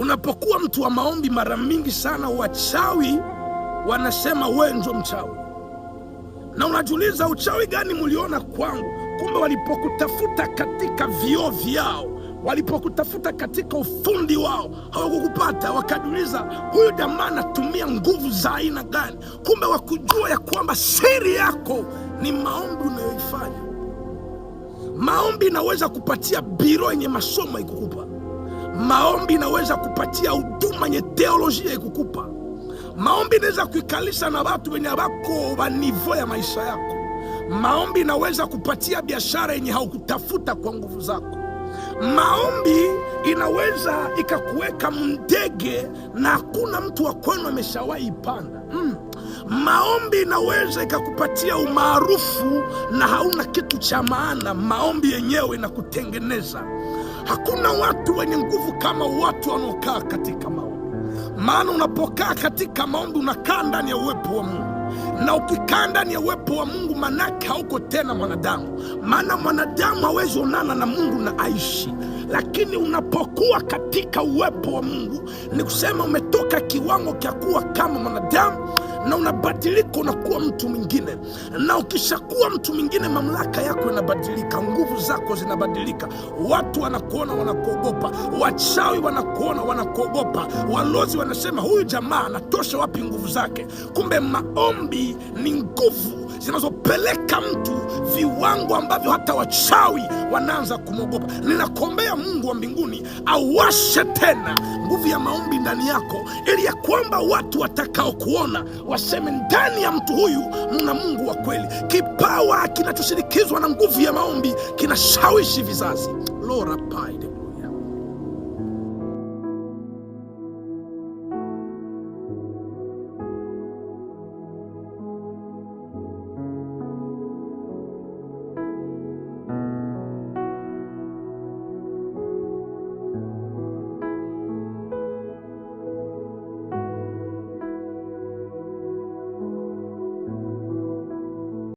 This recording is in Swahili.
Unapokuwa mtu wa maombi, mara mingi sana wachawi wanasema wewe ndio mchawi, na unajiuliza uchawi gani mliona kwangu? Kumbe walipokutafuta katika vioo vyao, walipokutafuta katika ufundi wao, hawakukupata. Wakajiuliza, huyu jamaa anatumia nguvu za aina gani? Kumbe wakujua ya kwamba siri yako ni maombi unayoifanya. Maombi inaweza kupatia biro yenye masomo ikukupa Maombi inaweza kupatia huduma yenye teolojia ikukupa. Maombi inaweza kuikalisa na watu wenye wako wa nivo ya maisha yako. Maombi inaweza kupatia biashara yenye haukutafuta kwa nguvu zako. Maombi inaweza ikakuweka mndege na hakuna mtu wa kwenu ameshawahi ipanda. Mm. Maombi inaweza ikakupatia umaarufu na hauna kitu cha maana. Maombi yenyewe inakutengeneza. Hakuna watu wenye nguvu kama watu wanaokaa katika maombi, maana unapokaa katika maombi unakaa ndani ya uwepo wa Mungu na ukikaa ndani ya uwepo wa Mungu manake hauko tena mwanadamu, maana mwanadamu hawezi onana na Mungu na aishi. Lakini unapokuwa katika uwepo wa Mungu, ni kusema umetoka kiwango cha kuwa kama mwanadamu na unabadilika, unakuwa mtu mwingine. Na ukishakuwa mtu mwingine, mamlaka yako inabadilika, nguvu zako zinabadilika, watu wanakuona wanakuogopa, wachawi wanakuona wanakuogopa, walozi wanasema huyu jamaa anatosha, wapi nguvu zake? Kumbe maombi ni nguvu zinazopeleka mtu viwango ambavyo hata wachawi wanaanza kumwogopa. Ninakuombea Mungu wa mbinguni awashe tena nguvu ya maombi ndani yako, ili ya kwamba watu watakaokuona waseme ndani ya mtu huyu mna Mungu wa kweli. Kipawa kinachoshirikizwa na nguvu ya maombi kinashawishi vizazi. lorapaide